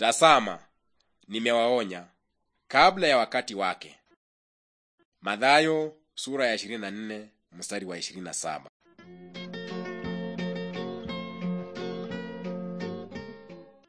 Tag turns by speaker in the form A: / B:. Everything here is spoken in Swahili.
A: Tazama, nimewaonya kabla ya wakati wake. Mathayo sura ya 24 mstari wa 27.